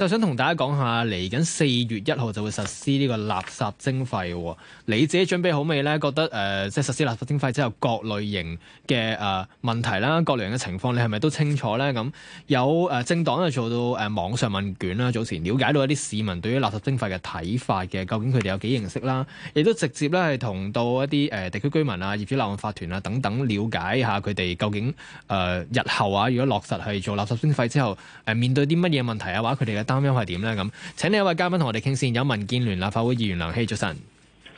就想同大家講下，嚟緊四月一號就會實施呢個垃圾徵費喎。你自己準備好未呢？覺得誒、呃，即係實施垃圾徵費之後，各類型嘅誒、呃、問題啦，各類型嘅情況，你係咪都清楚呢？咁有誒、呃、政黨就做到誒、呃、網上問卷啦，早前了解到一啲市民對於垃圾徵費嘅睇法嘅，究竟佢哋有幾認識啦？亦都直接咧係同到一啲誒、呃、地區居民啊、業主立案法團啊等等了解下，佢哋究竟誒、呃、日後啊，如果落實係做垃圾徵費之後，誒、呃、面對啲乜嘢問題嘅話，佢哋嘅。他們的三樣係點咧？咁請呢一位嘉賓同我哋傾先。有民建聯立法會議員梁熙，早晨。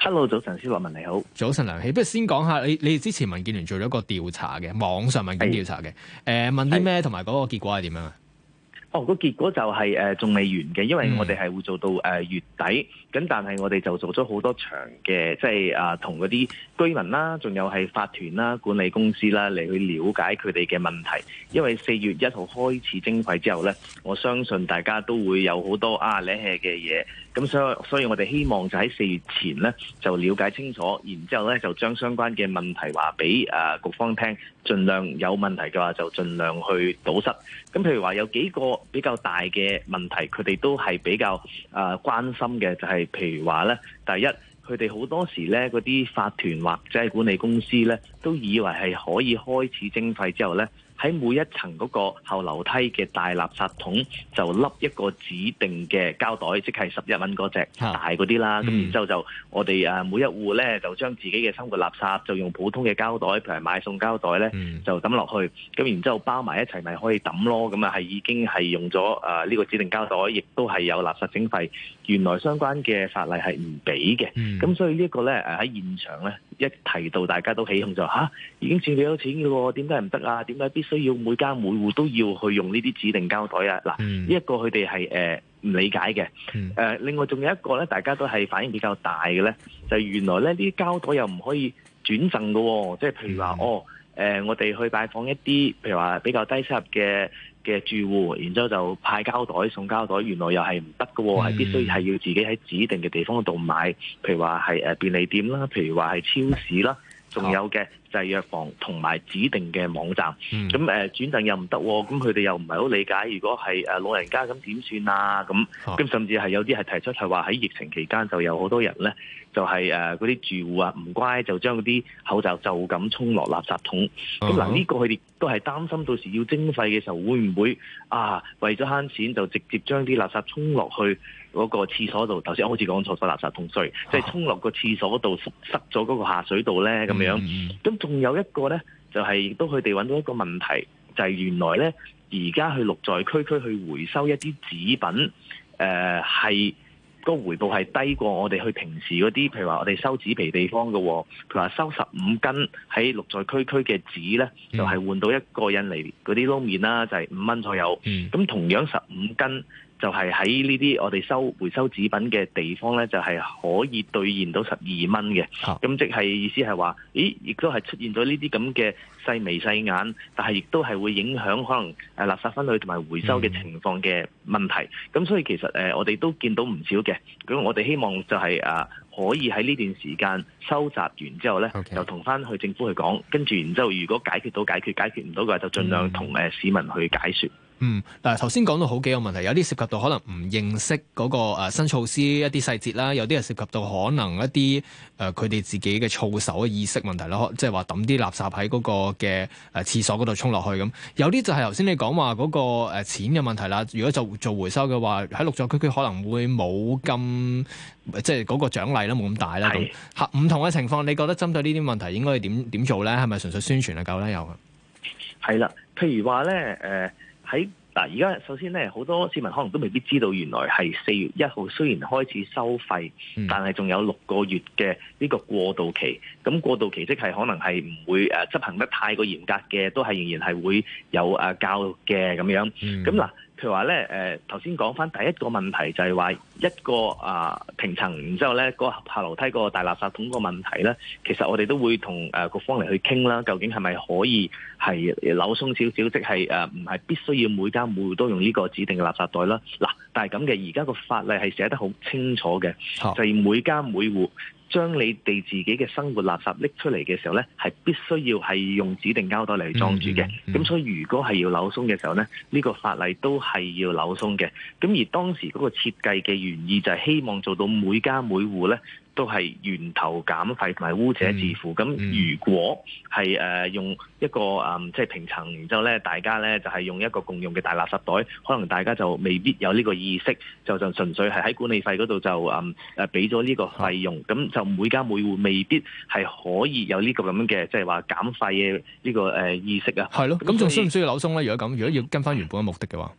Hello，早晨，施樂文，你好。早晨，梁熙，不如先講下你你之前民建聯做咗一個調查嘅網上民調調查嘅，誒、呃、問啲咩同埋嗰個結果係點樣啊？哦，個結果就係誒仲未完嘅，因為我哋係會做到誒、呃、月底，咁但係我哋就做咗好多場嘅，即係啊同嗰啲居民啦，仲有係法團啦、管理公司啦嚟去了解佢哋嘅問題，因為四月一號開始徵費之後呢，我相信大家都會有好多啊你氣嘅嘢。咁所以，所以我哋希望就喺四月前呢，就了解清楚，然之後呢，就將相關嘅問題話俾誒局方聽，儘量有問題嘅話就儘量去堵塞。咁譬如話有幾個比較大嘅問題，佢哋都係比較誒關心嘅，就係譬如話呢，第一佢哋好多時呢，嗰啲法團或者管理公司呢，都以為係可以開始徵費之後呢。喺每一層嗰個後樓梯嘅大垃圾桶就笠一個指定嘅膠袋，即係十一蚊嗰隻大嗰啲啦。咁、嗯、然之後就我哋誒每一戶咧，就將自己嘅生活垃圾就用普通嘅膠袋，譬如買餸膠袋咧，就抌落去。咁、嗯、然之後包埋一齊咪可以抌咯。咁啊係已經係用咗誒呢個指定膠袋，亦都係有垃圾徵費。原來相關嘅法例係唔俾嘅。咁、嗯、所以呢一個咧誒喺現場咧一提到，大家都起哄就吓、啊，已經佔幾多錢嘅喎？點解唔得啊？點解必？需要每家每戶都要去用呢啲指定膠袋啊！嗱、啊，呢、嗯、一、這個佢哋係誒唔理解嘅。誒、呃，另外仲有一個咧，大家都係反應比較大嘅咧，就原來咧呢啲膠袋又唔可以轉贈㗎喎，即係譬如話、嗯、哦，誒、呃、我哋去拜訪一啲譬如話比較低收入嘅嘅住戶，然之後就派膠袋送膠袋，原來又係唔得嘅喎，必須係要自己喺指定嘅地方度買，譬如話係誒便利店啦，譬如話係超市啦。仲有嘅製藥房同埋指定嘅網站，咁、嗯、誒轉贈又唔得，咁佢哋又唔係好理解。如果係誒老人家咁點算啊？咁咁甚至係有啲係提出係話喺疫情期間就有好多人咧，就係誒嗰啲住戶啊唔乖就將嗰啲口罩就咁沖落垃圾桶。咁嗱呢個佢哋都係擔心到時要徵費嘅時候會唔會啊？為咗慳錢就直接將啲垃圾沖落去。嗰、那個廁所度，頭先我好似講錯咗垃圾同水，即、就、係、是、沖落個廁所度塞咗嗰個下水道咧咁樣。咁、mm、仲 -hmm. 有一個咧，就係亦都佢哋搵到一個問題，就係、是、原來咧而家去綠在區區去回收一啲紙品，誒、呃、係、那個回報係低過我哋去平時嗰啲，譬如話我哋收紙皮地方嘅，譬如話收十五斤喺綠在區區嘅紙咧，就係、是、換到一個印尼嗰啲撈麵啦，就係五蚊左右。咁同樣十五斤。就係喺呢啲我哋收回收紙品嘅地方呢，就係、是、可以兌現到十二蚊嘅。咁、oh. 即係意思係話，咦，亦都係出現咗呢啲咁嘅細眉細眼，但係亦都係會影響可能、呃、垃圾分類同埋回收嘅情況嘅問題。咁、mm. 所以其實誒、呃，我哋都見到唔少嘅。咁我哋希望就係、是、誒、呃，可以喺呢段時間收集完之後呢，okay. 就同翻去政府去講。跟住然之後，如果解決到解決，解決唔到嘅話就儘量同、mm. 市民去解說。嗯，嗱，頭先講到好幾個問題，有啲涉及到可能唔認識嗰個、呃、新措施一啲細節啦，有啲係涉及到可能一啲誒佢哋自己嘅措手嘅意識問題啦，即係話抌啲垃圾喺嗰個嘅誒、呃、廁所嗰度沖落去咁。有啲就係頭先你講話嗰個誒、呃、錢嘅問題啦。如果就做，做回收嘅話，喺綠在區區可能會冇咁即係嗰個獎勵啦，冇咁大啦咁。唔同嘅情況，你覺得針對呢啲問題應該點點做咧？係咪純粹宣傳就夠咧？有嘅。係啦，譬如話咧，誒、呃。喺嗱，而家首先咧，好多市民可能都未必知道，原來係四月一號雖然開始收費，但係仲有六個月嘅呢個過渡期。咁過渡期即係可能係唔會誒執行得太過嚴格嘅，都係仍然係會有誒教育嘅咁樣。咁嗱。譬如話咧誒，頭先講翻第一個問題就係話一個啊平、呃、層，然之後咧、那個下樓梯嗰個大垃圾桶個問題咧，其實我哋都會同誒各方嚟去傾啦。究竟係咪可以係扭鬆少少，即係誒唔係必須要每家每戶都用呢個指定嘅垃圾袋啦？嗱、啊，但係咁嘅，而家個法例係寫得好清楚嘅，就係、是、每家每戶。將你哋自己嘅生活垃圾拎出嚟嘅時候呢，係必須要係用指定膠袋嚟裝住嘅。咁、mm -hmm. mm -hmm. 所以如果係要扭鬆嘅時候呢，呢、呢個法例都係要扭鬆嘅。咁而當時嗰個設計嘅原意就係希望做到每家每戶呢。都係源頭減廢同埋污者自付。咁、嗯、如果係誒用一個誒即係平層，然之後咧，大家咧就係用一個共用嘅大垃圾袋，可能大家就未必有呢個意識，就就純粹係喺管理費嗰度就誒俾咗呢個費用。咁、嗯、就每家每戶未必係可以有呢個咁樣嘅即係話減廢嘅呢個誒意識啊。係咯，咁仲需唔需要扭鬆咧？如果咁，如果要跟翻原本嘅目的嘅話，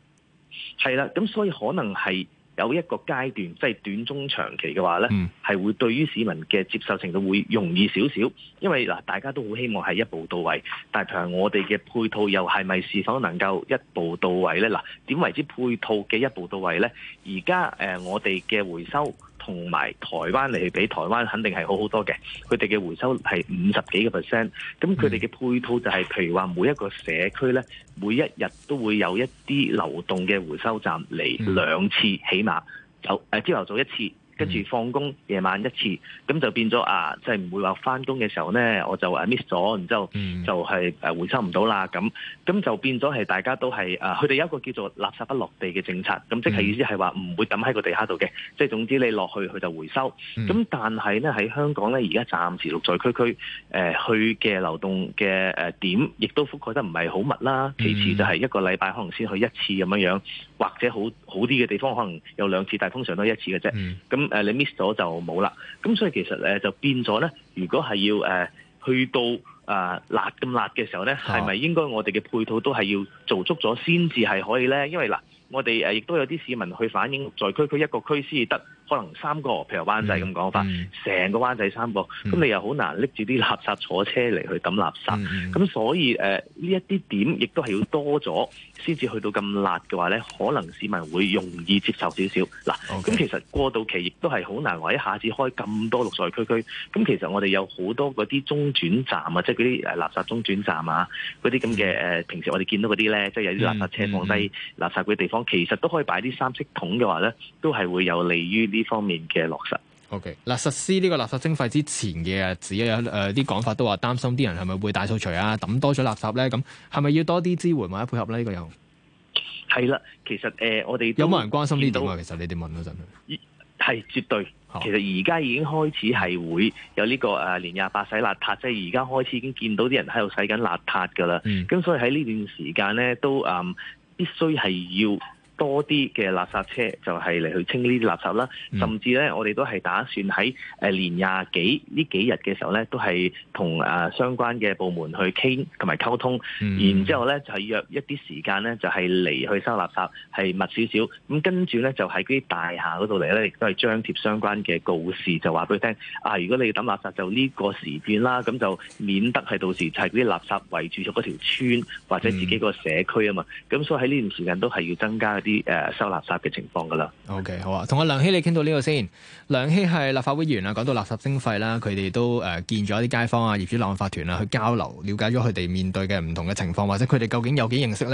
係、嗯、啦，咁所以可能係。有一個階段，即係短中長期嘅話呢，係會對於市民嘅接受程度會容易少少，因為嗱大家都好希望係一步到位，但係譬如我哋嘅配套又係咪是否能夠一步到位呢？嗱，點為之配套嘅一步到位呢？而家、呃、我哋嘅回收。同埋台灣嚟比，台灣肯定係好好多嘅。佢哋嘅回收係五十幾個 percent，咁佢哋嘅配套就係，譬如話每一個社區呢，每一日都會有一啲流動嘅回收站嚟兩次，起碼有朝頭早一次。跟住放工夜晚一次，咁就變咗啊！即係唔會話返工嘅時候咧，我就誒 miss 咗，然之後就係誒回收唔到啦。咁咁就變咗係大家都係啊！佢哋有一個叫做垃圾不落地嘅政策，咁即係意思係話唔會抌喺個地下度嘅。即、嗯、係總之你落去佢就回收。咁但係咧喺香港咧，而家暫時綠在區區誒、呃、去嘅流動嘅誒點，亦都覆蓋得唔係好密啦。其次就係一個禮拜可能先去一次咁樣樣，或者好好啲嘅地方可能有兩次，但係通常都係一次嘅啫。咁、嗯誒、啊、你 miss 咗就冇啦，咁所以其實誒就變咗咧。如果係要誒、呃、去到啊、呃、辣咁辣嘅時候咧，係咪應該我哋嘅配套都係要做足咗先至係可以咧？因為嗱，我哋誒亦都有啲市民去反映，在區區一個區先至得。可能三個，譬如灣仔咁講法，成、嗯、個灣仔三個，咁、嗯、你又好難拎住啲垃圾坐車嚟去抌垃圾。咁、嗯嗯、所以誒，呢一啲點亦都係要多咗，先至去到咁辣嘅話呢，可能市民會容易接受少少。嗱，咁、okay. 其實過渡期亦都係好難話一下子開咁多綠在區區。咁其實我哋有好多嗰啲中轉站啊，即係嗰啲垃圾中轉站啊，嗰啲咁嘅誒，平時我哋見到嗰啲呢，即係有啲垃圾車放低、嗯嗯、垃圾嘅地方，其實都可以擺啲三色桶嘅話呢，都係會有利於呢。方面嘅落實。O K，嗱，實施呢個垃圾徵費之前嘅日子有啲講法都話擔心啲人係咪會大掃除啊，抌多咗垃圾咧？咁係咪要多啲支援或者配合咧？呢、這個又係啦。其實誒、呃，我哋有冇人關心呢度啊？其實你哋問嗰陣係絕對。哦、其實而家已經開始係會有呢、這個誒、啊，年廿八洗邋遢，即係而家開始已經見到啲人喺度洗緊邋遢噶啦。咁、嗯、所以喺呢段時間咧，都嗯必須係要。多啲嘅垃圾車就係、是、嚟去清呢啲垃圾啦、嗯，甚至咧我哋都係打算喺誒、呃、年廿幾呢幾日嘅時候咧，都係同誒相關嘅部門去傾同埋溝通，嗯、然之後咧就係、是、約一啲時間咧，就係、是、嚟去收垃圾，係密少少。咁、嗯、跟住咧就喺啲大廈嗰度嚟咧，亦都係張貼相關嘅告示，就話俾佢聽啊，如果你要抌垃圾就呢個時段啦，咁就免得係到時就係啲垃圾圍住咗嗰條村或者自己個社區啊嘛。咁、嗯、所以喺呢段時間都係要增加。啲誒收垃圾嘅情況噶啦，OK 好啊，同阿梁熙你傾到呢度先。梁熙係立法會議員啊，講到垃圾徵費啦，佢哋都誒、呃、見咗啲街坊啊、業主立法團啊去交流，了解咗佢哋面對嘅唔同嘅情況，或者佢哋究竟有幾認識咧？